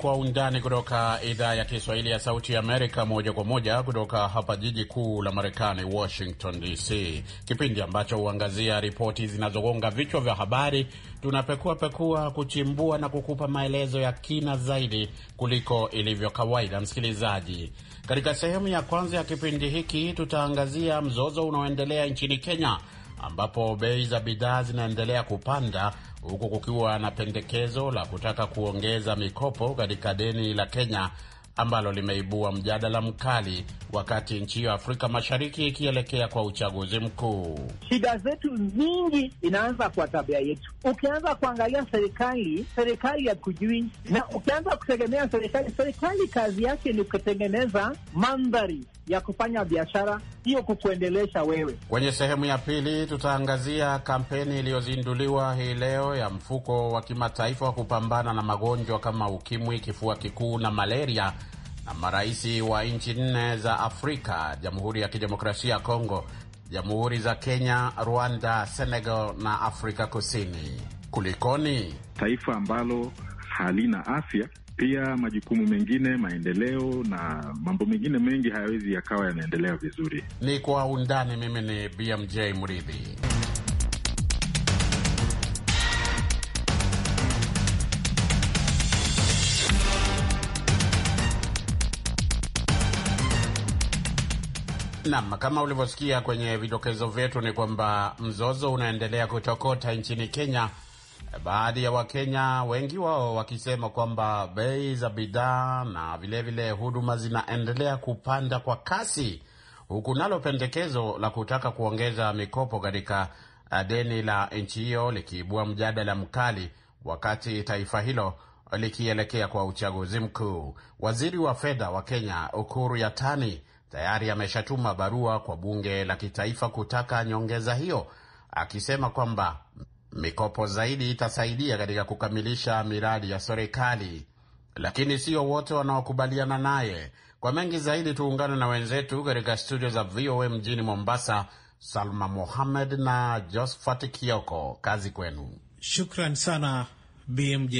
Kwa Undani kutoka idhaa ya Kiswahili ya Sauti Amerika, moja kwa moja kutoka hapa jiji kuu la Marekani, Washington DC, kipindi ambacho huangazia ripoti zinazogonga vichwa vya habari. Tunapekua pekua, kuchimbua na kukupa maelezo ya kina zaidi kuliko ilivyo kawaida. Msikilizaji, katika sehemu ya kwanza ya kipindi hiki tutaangazia mzozo unaoendelea nchini Kenya ambapo bei za bidhaa zinaendelea kupanda huku kukiwa na pendekezo la kutaka kuongeza mikopo katika deni la Kenya ambalo limeibua mjadala mkali wakati nchi hiyo Afrika Mashariki ikielekea kwa uchaguzi mkuu. Shida zetu nyingi inaanza kwa tabia yetu. Ukianza kuangalia serikali, serikali ya kujui, na ukianza kutegemea serikali, serikali kazi yake ni kutengeneza mandhari ya kufanya biashara, hiyo kukuendelesha wewe. Kwenye sehemu ya pili, tutaangazia kampeni iliyozinduliwa hii leo ya mfuko wa kimataifa wa kupambana na magonjwa kama ukimwi, kifua kikuu na malaria Marais wa nchi nne za Afrika, Jamhuri ya Kidemokrasia ya Kongo, Jamhuri za Kenya, Rwanda, Senegal na Afrika Kusini. Kulikoni? Taifa ambalo halina afya pia majukumu mengine, maendeleo na mambo mengine mengi hayawezi yakawa yanaendelea vizuri. Ni kwa undani. Mimi ni BMJ Mridhi. nam kama ulivyosikia kwenye vidokezo vyetu ni kwamba mzozo unaendelea kutokota nchini Kenya, baadhi ya Wakenya wengi wao wakisema kwamba bei za bidhaa na vilevile vile huduma zinaendelea kupanda kwa kasi, huku nalo pendekezo la kutaka kuongeza mikopo katika eh, deni la nchi hiyo likiibua mjadala mkali, wakati taifa hilo likielekea kwa uchaguzi mkuu. Waziri wa fedha wa Kenya Ukuru Yatani tayari ameshatuma barua kwa bunge la kitaifa kutaka nyongeza hiyo, akisema kwamba mikopo zaidi itasaidia katika kukamilisha miradi ya serikali. Lakini sio wote wanaokubaliana naye. Kwa mengi zaidi, tuungane na wenzetu katika studio za VOA mjini Mombasa, Salma Mohamed na Josphat Kioko. Kazi kwenu. Shukran sana BMJ.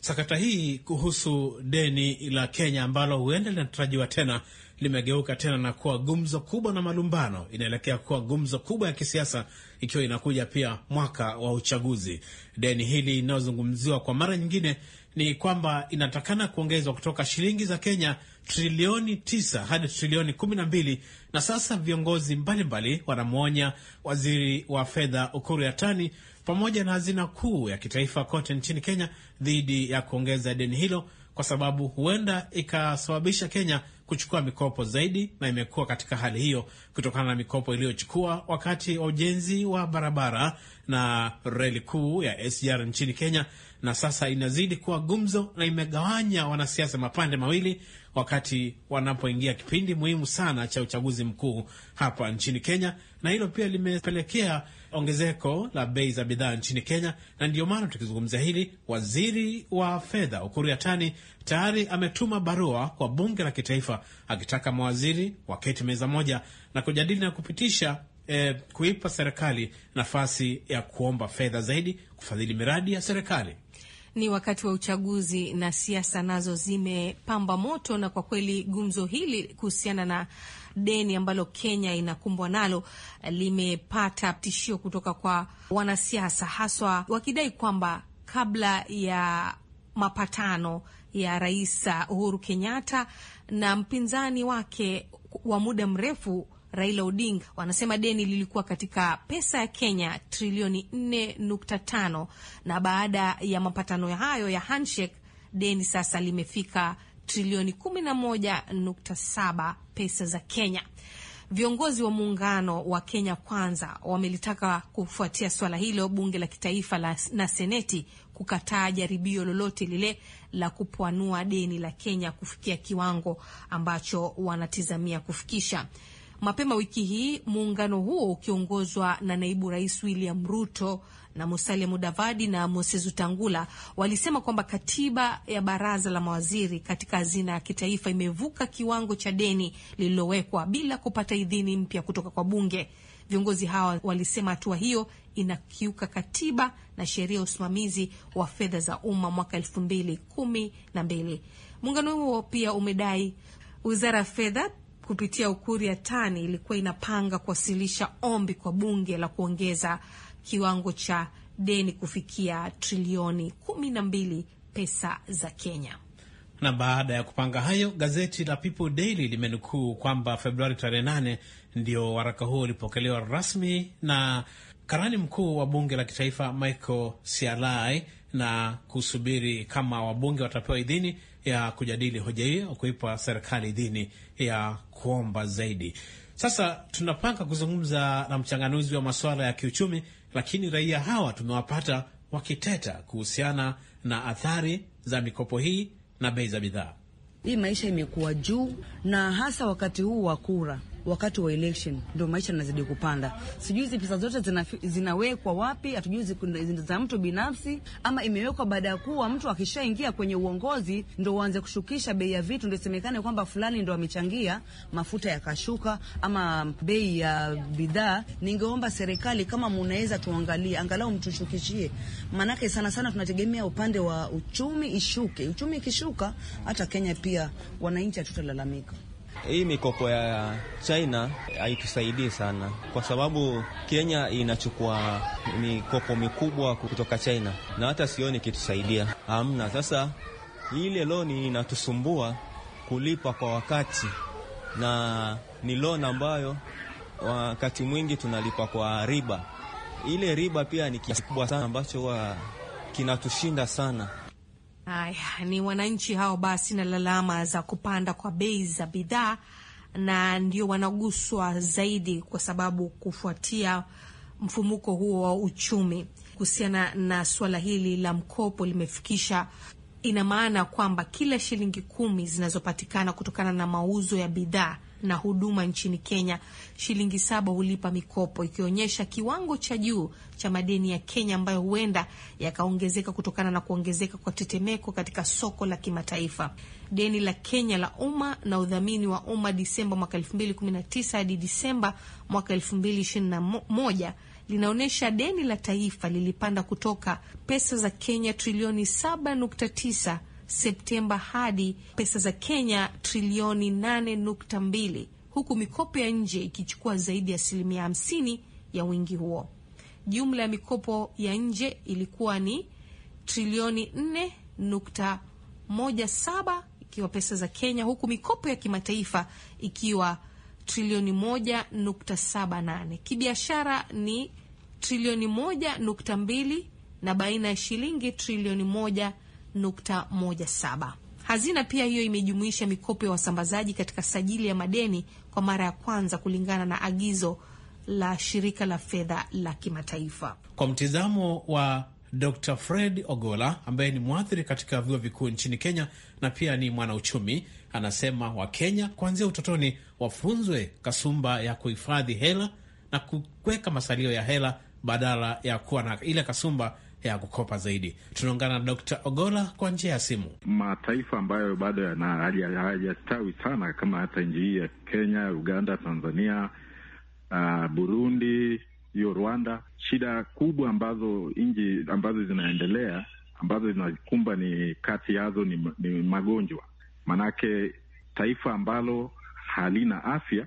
Sakata hii kuhusu deni la Kenya ambalo huenda linatarajiwa tena limegeuka tena na kuwa gumzo kubwa na malumbano, inaelekea kuwa gumzo kubwa ya kisiasa ikiwa inakuja pia mwaka wa uchaguzi. Deni hili linalozungumziwa kwa mara nyingine ni kwamba inatakana kuongezwa kutoka shilingi za Kenya trilioni tisa hadi trilioni kumi na mbili na sasa viongozi mbalimbali wanamwonya waziri wa fedha Ukuru Yatani pamoja na hazina kuu ya kitaifa kote nchini Kenya dhidi ya kuongeza deni hilo, kwa sababu huenda ikasababisha Kenya kuchukua mikopo zaidi, na imekuwa katika hali hiyo kutokana na mikopo iliyochukua wakati wa ujenzi wa barabara na reli kuu ya SGR nchini Kenya, na sasa inazidi kuwa gumzo na imegawanya wanasiasa mapande mawili wakati wanapoingia kipindi muhimu sana cha uchaguzi mkuu hapa nchini Kenya, na hilo pia limepelekea ongezeko la bei za bidhaa nchini Kenya, na ndiyo maana tukizungumzia hili, waziri wa fedha Ukur Yatani tayari ametuma barua kwa bunge la kitaifa akitaka mawaziri waketi meza moja na kujadili na kupitisha eh, kuipa serikali nafasi ya kuomba fedha zaidi kufadhili miradi ya serikali ni wakati wa uchaguzi na siasa nazo zimepamba moto, na kwa kweli gumzo hili kuhusiana na deni ambalo Kenya inakumbwa nalo eh, limepata tishio kutoka kwa wanasiasa, haswa wakidai kwamba kabla ya mapatano ya Rais Uhuru Kenyatta na mpinzani wake wa muda mrefu Raila Odinga wanasema deni lilikuwa katika pesa ya Kenya trilioni 4.5 na baada ya mapatano hayo ya handshake deni sasa limefika trilioni 11.7 pesa za Kenya. Viongozi wa muungano wa Kenya Kwanza wamelitaka kufuatia swala hilo bunge la kitaifa la, na seneti kukataa jaribio lolote lile la kupwanua deni la Kenya kufikia kiwango ambacho wanatizamia kufikisha. Mapema wiki hii muungano huo ukiongozwa na naibu rais William Ruto na Musalia Mudavadi na Moses Wetangula walisema kwamba katiba ya baraza la mawaziri katika hazina ya kitaifa imevuka kiwango cha deni lililowekwa bila kupata idhini mpya kutoka kwa bunge. Viongozi hawa walisema hatua hiyo inakiuka katiba na sheria ya usimamizi wa fedha za umma mwaka elfu mbili kumi na mbili. Muungano huo pia umedai wizara ya fedha kupitia ukuri ya tani ilikuwa inapanga kuwasilisha ombi kwa bunge la kuongeza kiwango cha deni kufikia trilioni kumi na mbili pesa za Kenya. Na baada ya kupanga hayo, gazeti la People Daily limenukuu kwamba Februari tarehe nane ndio waraka huo ulipokelewa rasmi na karani mkuu wa bunge la kitaifa Michael Sialai na kusubiri kama wabunge watapewa idhini ya kujadili hoja hiyo, kuipa serikali idhini ya kuomba zaidi. Sasa tunapanga kuzungumza na mchanganuzi wa masuala ya kiuchumi, lakini raia hawa tumewapata wakiteta kuhusiana na athari za mikopo hii na bei za bidhaa. Hii maisha imekuwa juu, na hasa wakati huu wa kura wakati wa election ndio maisha yanazidi kupanda. Sijui hizi pesa zote zina, zinawekwa wapi? Hatujui za mtu binafsi ama imewekwa baada ya kuwa mtu akishaingia kwenye uongozi ndio uanze kushukisha bei ya vitu, ndio semekane kwamba fulani ndio amechangia mafuta yakashuka ama bei ya bidhaa. Ningeomba serikali kama mnaweza tuangalie angalau mtushukishie, maanake sana sana tunategemea upande wa uchumi ishuke. Uchumi ikishuka, hata Kenya pia wananchi hatutalalamika. Hii mikopo ya China haitusaidii sana, kwa sababu Kenya inachukua mikopo mikubwa kutoka China na hata sioni kitusaidia, hamna. Sasa ile loni inatusumbua kulipa kwa wakati, na ni loni ambayo wakati mwingi tunalipa kwa riba. Ile riba pia ni kiasi kubwa sana ambacho huwa kinatushinda sana. Aya, ni wananchi hao basi na lalama za kupanda kwa bei za bidhaa, na ndio wanaguswa zaidi kwa sababu kufuatia mfumuko huo wa uchumi. Kuhusiana na suala hili la mkopo limefikisha, ina maana kwamba kila shilingi kumi zinazopatikana kutokana na mauzo ya bidhaa na huduma nchini Kenya shilingi saba hulipa mikopo, ikionyesha kiwango cha juu cha madeni ya Kenya ambayo huenda yakaongezeka kutokana na kuongezeka kwa tetemeko katika soko la kimataifa. Deni la Kenya la umma na udhamini wa umma Disemba mwaka 2019 hadi Disemba mwaka 2021 linaonyesha deni la taifa lilipanda kutoka pesa za Kenya trilioni 7.9 Septemba hadi pesa za Kenya trilioni 8.2 huku mikopo ya nje ikichukua zaidi ya asilimia hamsini ya wingi huo. Jumla ya mikopo ya nje ilikuwa ni trilioni 4.17 ikiwa pesa za Kenya, huku mikopo ya kimataifa ikiwa trilioni 1.78. Kibiashara ni trilioni 1.2 na baina ya shilingi trilioni moja 1.17. Hazina pia hiyo imejumuisha mikopo ya wasambazaji katika sajili ya madeni kwa mara ya kwanza kulingana na agizo la shirika la fedha la kimataifa. Kwa mtizamo wa Dr Fred Ogola ambaye ni mwathiri katika vyuo vikuu nchini Kenya na pia ni mwanauchumi, anasema Wakenya kuanzia utotoni wafunzwe kasumba ya kuhifadhi hela na kuweka masalio ya hela badala ya kuwa na ile kasumba ya kukopa zaidi. Tunaungana na Dr. Ogola kwa njia ya simu. Mataifa ambayo bado hayajastawi sana kama hata nchi hii ya Kenya, Uganda, Tanzania, uh, Burundi, hiyo Rwanda, shida kubwa ambazo nchi ambazo zinaendelea ambazo zinakumba ni kati yazo ni, ni magonjwa, manake taifa ambalo halina afya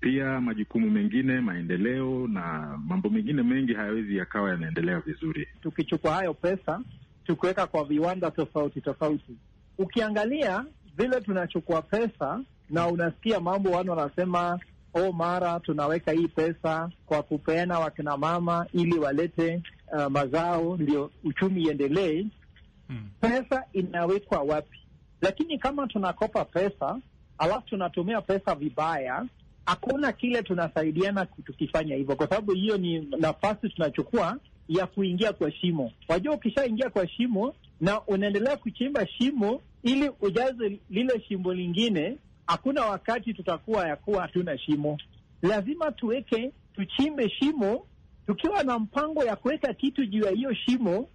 pia majukumu mengine, maendeleo na mambo mengine mengi hayawezi yakawa yanaendelea vizuri. Tukichukua hayo pesa tukiweka kwa viwanda tofauti tofauti, ukiangalia vile tunachukua pesa na unasikia mambo wanu wanasema o, oh, mara tunaweka hii pesa kwa kupeana wakinamama ili walete uh, mazao ndio uchumi iendelee. Hmm. Pesa inawekwa wapi? Lakini kama tunakopa pesa alafu tunatumia pesa vibaya, hakuna kile tunasaidiana tukifanya hivyo, kwa sababu hiyo ni nafasi tunachukua ya kuingia kwa shimo. Wajua, ukishaingia kwa shimo na unaendelea kuchimba shimo ili ujaze lile shimo lingine, hakuna wakati tutakuwa ya kuwa hatuna shimo. Lazima tuweke tuchimbe shimo tukiwa na mpango ya kuweka kitu juu ya hiyo shimo,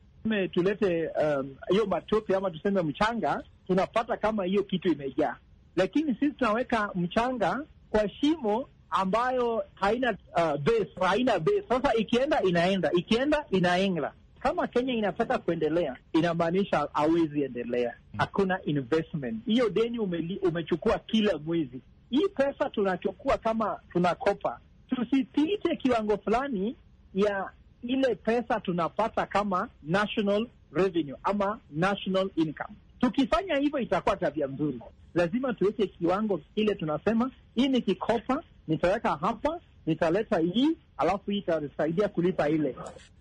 tulete um, hiyo um, matope ama tuseme mchanga, tunapata kama hiyo kitu imejaa, lakini sisi tunaweka mchanga kwa shimo ambayo haina uh, base, haina base. Sasa ikienda inaenda, ikienda inaengla. Kama Kenya inataka kuendelea, inamaanisha hawezi endelea, hmm. hakuna investment. Hiyo deni umeli, umechukua kila mwezi. Hii pesa tunachukua kama tunakopa, tusipite kiwango fulani ya ile pesa tunapata kama national revenue ama national income. Tukifanya hivyo itakuwa tabia nzuri lazima tuweke kiwango kile, tunasema hii nikikopa nitaweka hapa, nitaleta hii, alafu hii itasaidia kulipa ile.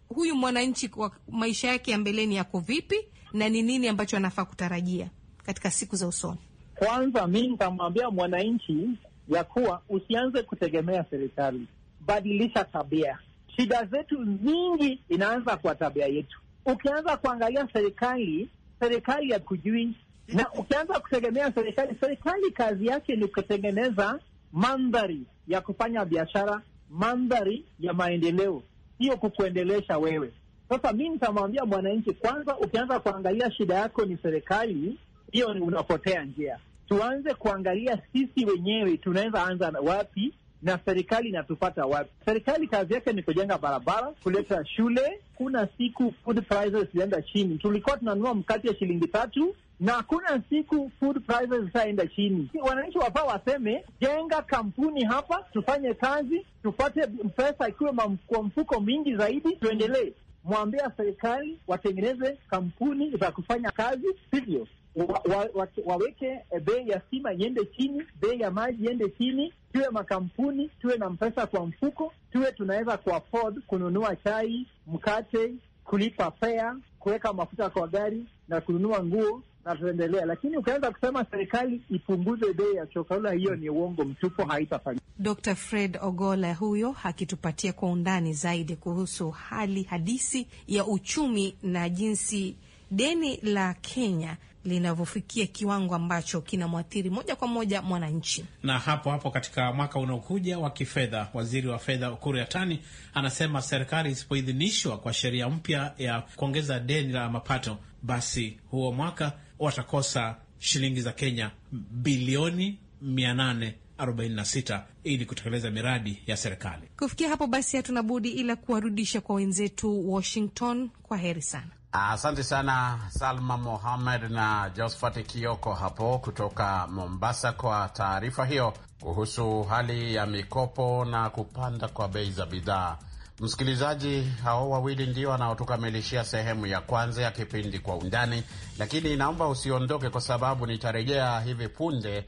Huyu mwananchi kwa maisha yake ya mbeleni yako vipi, na ni nini ambacho anafaa kutarajia katika siku za usoni? Kwanza mi nitamwambia mwananchi ya kuwa usianze kutegemea serikali, badilisha tabia. Shida zetu nyingi inaanza kwa tabia yetu. Ukianza kuangalia serikali, serikali ya kujui na ukianza kutegemea serikali, serikali kazi yake ni kutengeneza mandhari ya kufanya biashara, mandhari ya maendeleo, hiyo kukuendelesha wewe. Sasa mi nitamwambia mwananchi kwanza, ukianza kuangalia shida yako ni serikali, hiyo unapotea njia. Tuanze kuangalia sisi wenyewe tunaweza anza wapi na serikali inatupata wapi? Serikali kazi yake ni kujenga barabara, kuleta shule. Kuna siku food prices zilienda chini, tulikuwa tunanunua mkate ya shilingi tatu na kuna siku food prices zitaenda chini. Wananchi wafaa waseme, jenga kampuni hapa, tufanye kazi, tupate pesa ikiwe kwa mfuko mingi zaidi, tuendelee. Mwambia serikali watengeneze kampuni za kufanya kazi, sivyo wa, wa, wa, waweke eh, bei ya stima iende chini, bei ya maji iende chini, tuwe makampuni, tuwe na mpesa kwa mfuko, tuwe tunaweza kuafford kununua chai, mkate, kulipa fea kuweka mafuta kwa gari na kununua nguo na tuendelea. lakini ukianza kusema serikali ipunguze bei ya chokola, hiyo ni uongo mtupu, haitafanyika. Dr Fred Ogola huyo akitupatia kwa undani zaidi kuhusu hali hadisi ya uchumi na jinsi deni la Kenya linavyofikia kiwango ambacho kinamwathiri moja kwa moja mwananchi. Na hapo hapo katika mwaka unaokuja wa kifedha, waziri wa fedha Ukur Yatani anasema serikali isipoidhinishwa kwa sheria mpya ya kuongeza deni la mapato, basi huo mwaka watakosa shilingi za Kenya bilioni 800 ili kutekeleza miradi ya serikali. Kufikia hapo basi, hatuna budi ila kuwarudisha kwa wenzetu Washington. Kwa heri sana. Asante sana Salma Mohamed na Josphat Kioko hapo kutoka Mombasa kwa taarifa hiyo kuhusu hali ya mikopo na kupanda kwa bei za bidhaa. Msikilizaji, hao wawili ndio wanaotukamilishia sehemu ya kwanza ya kipindi Kwa Undani, lakini naomba usiondoke, kwa sababu nitarejea hivi punde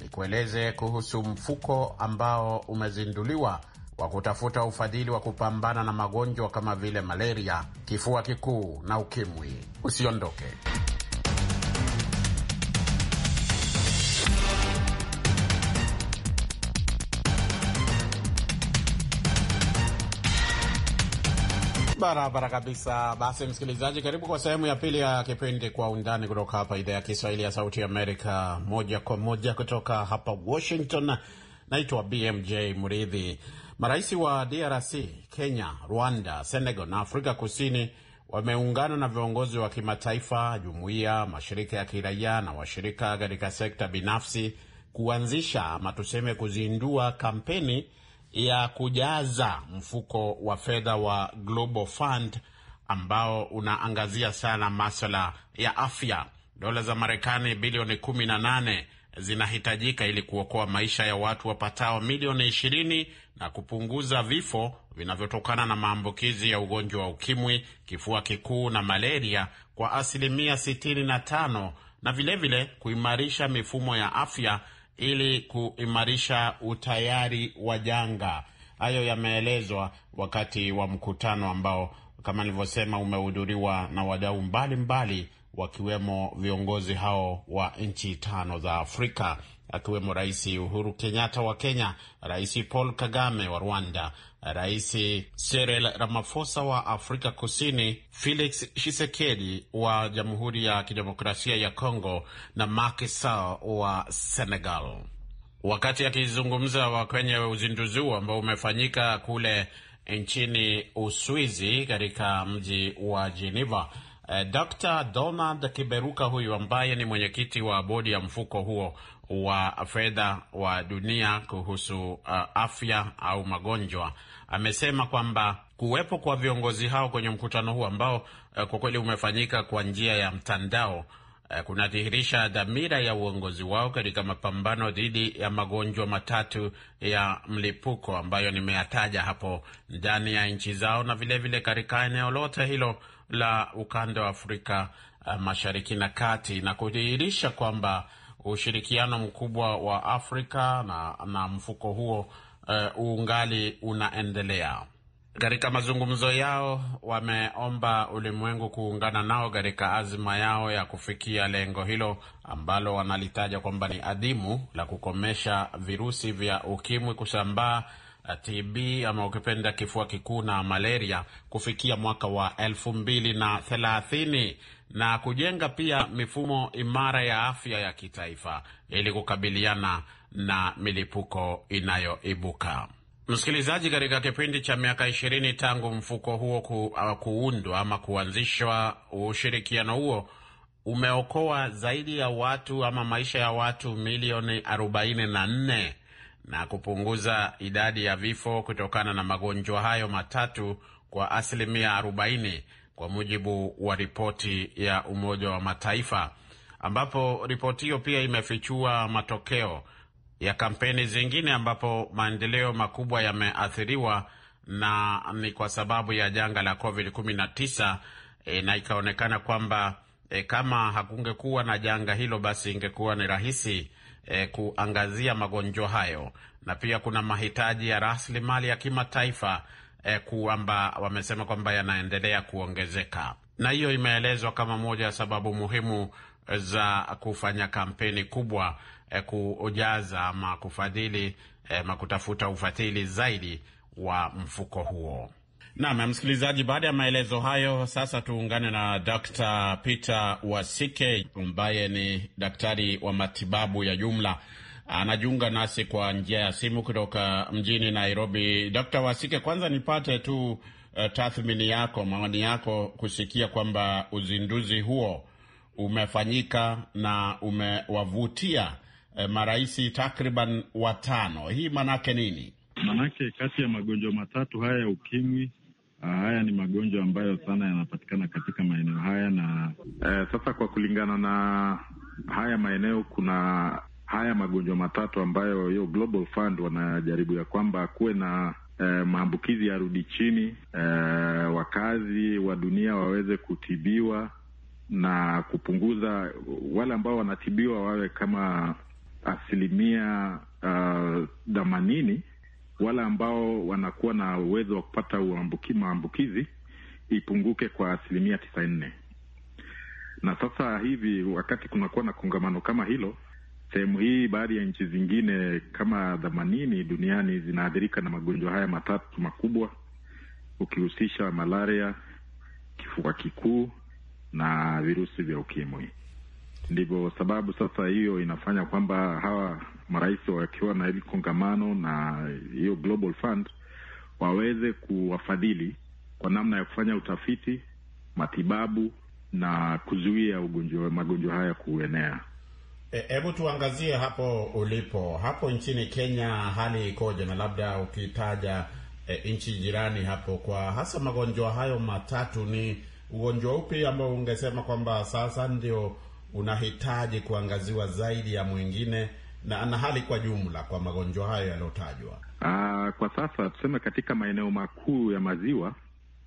nikueleze kuhusu mfuko ambao umezinduliwa kwa kutafuta ufadhili wa kupambana na magonjwa kama vile malaria, kifua kikuu na ukimwi. Usiondoke. Barabara kabisa. Basi msikilizaji, karibu kwa sehemu ya pili ya kipindi Kwa Undani kutoka hapa idhaa ya Kiswahili ya Sauti ya Amerika, moja kwa moja kutoka hapa Washington. Naitwa BMJ Mridhi. Marais wa DRC, Kenya, Rwanda, Senegal na Afrika Kusini wameungana na viongozi wa kimataifa, jumuiya, mashirika ya kiraia na washirika katika sekta binafsi kuanzisha ama tuseme kuzindua kampeni ya kujaza mfuko wa fedha wa Global Fund ambao unaangazia sana maswala ya afya. Dola za Marekani bilioni na nane zinahitajika ili kuokoa maisha ya watu wapatao milioni ishirini na kupunguza vifo vinavyotokana na maambukizi ya ugonjwa wa ukimwi, kifua kikuu na malaria kwa asilimia 65 na vilevile vile kuimarisha mifumo ya afya ili kuimarisha utayari wa janga. Hayo yameelezwa wakati wa mkutano ambao kama nilivyosema, umehudhuriwa na wadau mbalimbali wakiwemo viongozi hao wa nchi tano za Afrika akiwemo Rais Uhuru Kenyatta wa Kenya, Rais Paul Kagame wa Rwanda, Rais Cyril Ramaphosa wa Afrika Kusini, Felix Tshisekedi wa Jamhuri ya Kidemokrasia ya Kongo na Macky Sall wa Senegal. Wakati akizungumza kwenye uzinduzi huo ambao umefanyika kule nchini Uswizi katika mji wa Geneva. Eh, Dr. Donald Kiberuka huyu ambaye ni mwenyekiti wa bodi ya mfuko huo wa fedha wa dunia kuhusu uh, afya au magonjwa amesema kwamba kuwepo kwa viongozi hao kwenye mkutano huu ambao uh, kwa kweli umefanyika kwa njia ya mtandao Eh, kunadhihirisha dhamira ya uongozi wao katika mapambano dhidi ya magonjwa matatu ya mlipuko ambayo nimeyataja hapo ndani ya nchi zao na vilevile katika eneo lote hilo la ukanda wa Afrika eh, Mashariki na Kati na kudhihirisha kwamba ushirikiano mkubwa wa Afrika na, na mfuko huo uh, uungali unaendelea. Katika mazungumzo yao wameomba ulimwengu kuungana nao katika azima yao ya kufikia lengo hilo ambalo wanalitaja kwamba ni adimu la kukomesha virusi vya ukimwi kusambaa, TB ama ukipenda kifua kikuu na malaria kufikia mwaka wa elfu mbili na thelathini na kujenga pia mifumo imara ya afya ya kitaifa ili kukabiliana na milipuko inayoibuka. Msikilizaji, katika kipindi cha miaka ishirini tangu mfuko huo ku, uh, kuundwa ama kuanzishwa, ushirikiano huo umeokoa zaidi ya watu ama maisha ya watu milioni arobaini na nne na kupunguza idadi ya vifo kutokana na magonjwa hayo matatu kwa asilimia arobaini kwa mujibu wa ripoti ya Umoja wa Mataifa, ambapo ripoti hiyo pia imefichua matokeo ya kampeni zingine ambapo maendeleo makubwa yameathiriwa na ni kwa sababu ya janga la COVID-19 e, na ikaonekana kwamba e, kama hakungekuwa na janga hilo basi ingekuwa ni rahisi e, kuangazia magonjwa hayo, na pia kuna mahitaji ya rasilimali ya kimataifa e, kwamba wamesema kwamba yanaendelea kuongezeka, na hiyo imeelezwa kama moja ya sababu muhimu za kufanya kampeni kubwa Eh, kujaza ama kufadhili eh, ama kutafuta ufadhili zaidi wa mfuko huo. Naam, msikilizaji, baada ya maelezo hayo, sasa tuungane na Dr. Peter Wasike ambaye ni daktari wa matibabu ya jumla anajiunga nasi kwa njia ya simu kutoka mjini Nairobi. Dr. Wasike, kwanza nipate tu uh, tathmini yako, maoni yako kusikia kwamba uzinduzi huo umefanyika na umewavutia eh, maraisi takriban watano. Hii maanake nini? Maanake kati ya magonjwa matatu haya ya ukimwi ah, haya ni magonjwa ambayo sana yanapatikana katika maeneo haya na eh, sasa kwa kulingana na haya maeneo kuna haya magonjwa matatu ambayo hiyo Global Fund wanajaribu ya kwamba kuwe na eh, maambukizi yarudi chini, eh, wakazi wa dunia waweze kutibiwa na kupunguza, wale ambao wanatibiwa wawe kama asilimia uh, themanini uh, wale ambao wanakuwa na uwezo wa kupata maambukizi ipunguke kwa asilimia tisanne nne. Na sasa hivi wakati kunakuwa na kongamano kama hilo sehemu hii, baadhi ya nchi zingine kama themanini duniani zinaathirika na magonjwa haya matatu makubwa, ukihusisha malaria, kifua kikuu na virusi vya ukimwi. Ndivyo sababu sasa hiyo inafanya kwamba hawa marais wakiwa na hili kongamano na hiyo Global Fund waweze kuwafadhili kwa namna ya kufanya utafiti, matibabu na kuzuia ugonjwa, magonjwa haya kuenea. E, hebu e, tuangazie hapo ulipo hapo nchini Kenya, hali ikoje? Na labda ukitaja e, nchi jirani hapo, kwa hasa magonjwa hayo matatu, ni ugonjwa upi ambao ungesema kwamba sasa ndio unahitaji kuangaziwa zaidi ya mwingine na, na hali kwa jumla kwa magonjwa hayo yaliyotajwa? Ah, kwa sasa tuseme katika maeneo makuu ya maziwa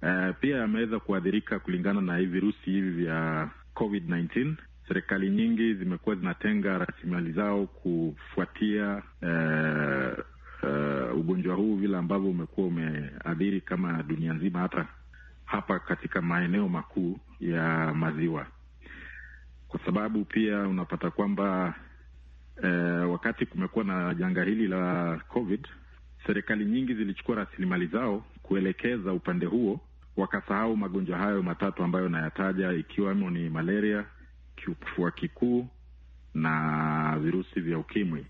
eh, pia yameweza kuathirika kulingana na hii virusi hivi vya COVID-19. Serikali nyingi zimekuwa zinatenga rasilimali zao kufuatia eh, Uh, ugonjwa huu vile ambavyo umekuwa umeadhiri kama dunia nzima, hata hapa katika maeneo makuu ya maziwa kwa sababu pia unapata kwamba eh, wakati kumekuwa na janga hili la COVID, serikali nyingi zilichukua rasilimali zao kuelekeza upande huo, wakasahau magonjwa hayo matatu ambayo nayataja, ikiwemo ni malaria, kifua kikuu na virusi vya ukimwi.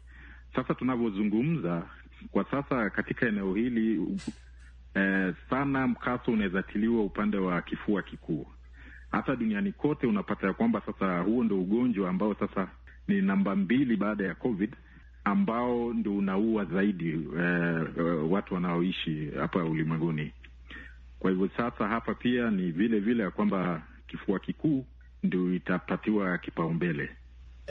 Sasa tunavyozungumza kwa sasa katika eneo hili eh, sana mkaso unawezatiliwa upande wa kifua kikuu hata duniani kote unapata ya kwamba sasa huo ndo ugonjwa ambao sasa ni namba mbili baada ya COVID ambao ndo unaua zaidi eh, eh, watu wanaoishi hapa ulimwenguni. Kwa hivyo sasa hapa pia ni vile vile ya kwamba kifua kikuu ndio itapatiwa kipaumbele.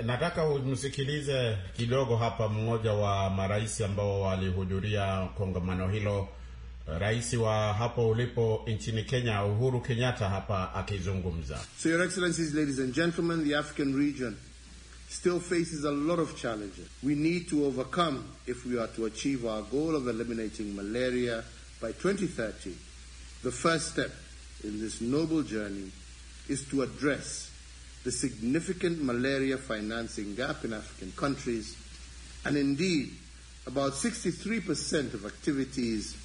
Nataka umsikilize kidogo hapa mmoja wa marais ambao walihudhuria kongamano hilo Rais wa hapo ulipo nchini Kenya Uhuru Kenyatta hapa akizungumza. So your excellencies, ladies and gentlemen, the African region still faces a lot of challenges we need to overcome if we are to achieve our goal of eliminating malaria by 2030. The first step in this noble journey is to address the significant malaria financing gap in African countries and indeed about 63% of activities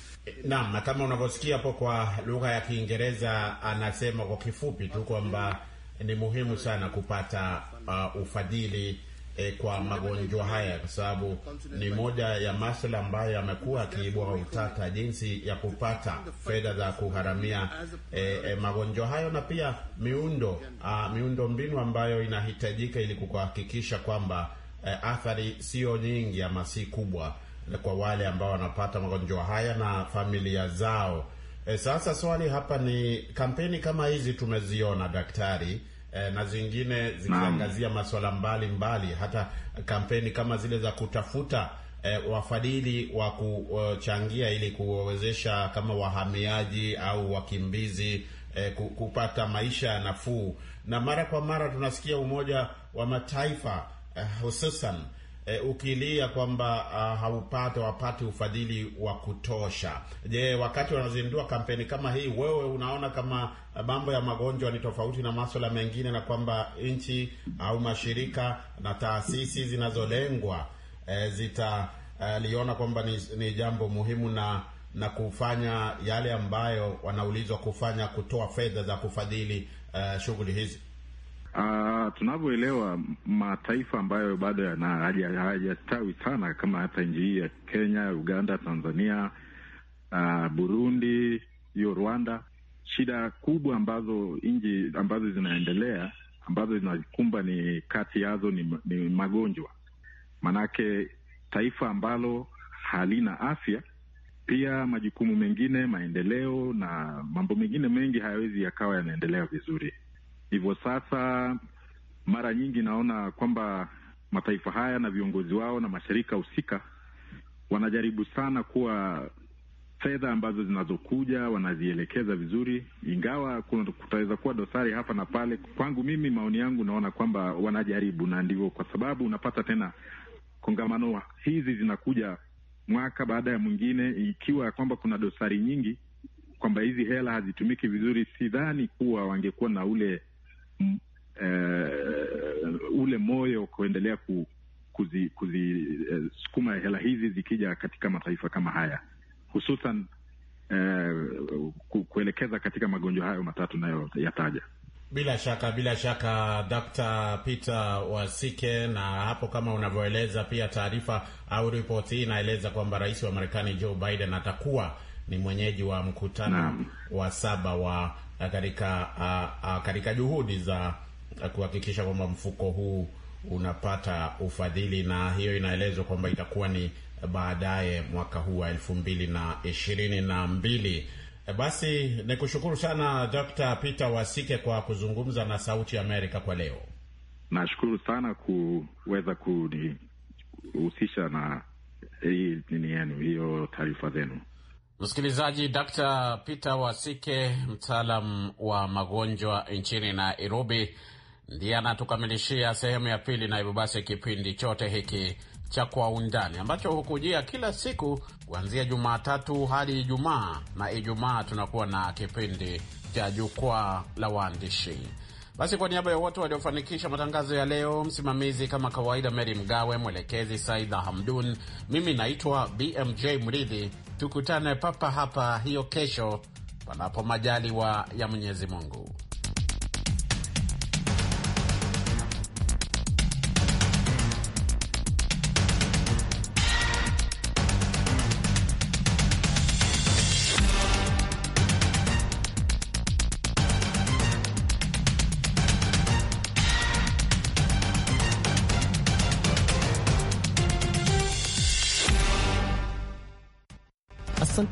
Naam, na kama unavyosikia hapo kwa lugha ya Kiingereza anasema kwa kifupi tu kwamba ni muhimu sana kupata uh, ufadhili eh, kwa magonjwa haya, kwa sababu ni moja ya masuala ambayo yamekuwa yakiibua utata, jinsi ya kupata fedha za kuharamia eh, eh, magonjwa hayo na pia miundo uh, miundo mbinu ambayo inahitajika ili kuhakikisha kwamba eh, athari sio nyingi ama si kubwa kwa wale ambao wanapata magonjwa haya na familia zao. E, sasa swali hapa ni kampeni kama hizi tumeziona daktari, e, na zingine zikiangazia masuala mbalimbali, hata kampeni kama zile za kutafuta e, wafadhili wa kuchangia e, ili kuwawezesha kama wahamiaji au wakimbizi e, kupata maisha ya nafuu, na mara kwa mara tunasikia Umoja wa Mataifa e, hususan e, ukilia kwamba uh, haupate wapati ufadhili wa kutosha. Je, wakati wanazindua kampeni kama hii, wewe unaona kama ah, mambo ya magonjwa ni tofauti na masuala mengine na kwamba nchi au mashirika na taasisi zinazolengwa e, eh, zitaliona eh, uh, kwamba ni, ni jambo muhimu na na kufanya yale ambayo wanaulizwa kufanya, kutoa fedha za kufadhili uh, shughuli hizi? Uh, tunavyoelewa mataifa ambayo bado hayajastawi sana kama hata nchi hii ya Kenya, Uganda, Tanzania, uh, Burundi, hiyo Rwanda, shida kubwa ambazo nchi ambazo zinaendelea ambazo zinakumba ni kati yazo ni, ni magonjwa. manake taifa ambalo halina afya pia majukumu mengine, maendeleo na mambo mengine mengi hayawezi yakawa yanaendelea vizuri. Hivyo sasa, mara nyingi naona kwamba mataifa haya na viongozi wao na mashirika husika wanajaribu sana kuwa fedha ambazo zinazokuja wanazielekeza vizuri, ingawa kutaweza kuwa dosari hapa na pale. Kwangu mimi, maoni yangu, naona kwamba wanajaribu, na ndivyo kwa sababu unapata tena kongamano hizi zinakuja mwaka baada ya mwingine, ikiwa kwamba kuna dosari nyingi kwamba hizi hela hazitumiki vizuri, sidhani kuwa wangekuwa na ule uh, ule moyo kuendelea ku, kuzisukuma kuzi uh, hela hizi zikija katika mataifa kama haya hususan uh, kuelekeza katika magonjwa hayo matatu nayo yataja. Bila shaka bila shaka, Dr. Peter Wasike. Na hapo kama unavyoeleza pia, taarifa au ripoti hii inaeleza kwamba rais wa Marekani Joe Biden atakuwa ni mwenyeji wa mkutano wa saba wa katika uh, uh, katika juhudi za kuhakikisha kwamba mfuko huu unapata ufadhili, na hiyo inaelezwa kwamba itakuwa ni baadaye mwaka huu wa elfu mbili na ishirini na mbili. E, basi ni kushukuru sana Dr. Peter Wasike kwa kuzungumza na Sauti ya Amerika kwa leo. Nashukuru sana kuweza kunihusisha na hii nini yenu, hiyo taarifa zenu. Msikilizaji, d Peter Wasike, mtaalam wa magonjwa nchini Nairobi, ndiye anatukamilishia sehemu ya pili, na hivyo basi kipindi chote hiki cha Kwa Undani ambacho hukujia kila siku kuanzia Jumatatu hadi Ijumaa, na Ijumaa tunakuwa na kipindi cha Jukwaa la Waandishi. Basi kwa niaba ya wote waliofanikisha matangazo ya leo, msimamizi kama kawaida Meri Mgawe, mwelekezi Saida Hamdun, mimi naitwa BMJ Mridhi. Tukutane papa hapa hiyo kesho, panapo majaliwa ya Mwenyezi Mungu.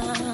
love.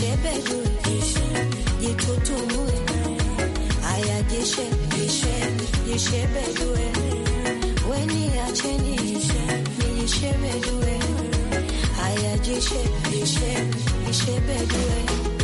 Aya, jishe, jishe, jishe bedue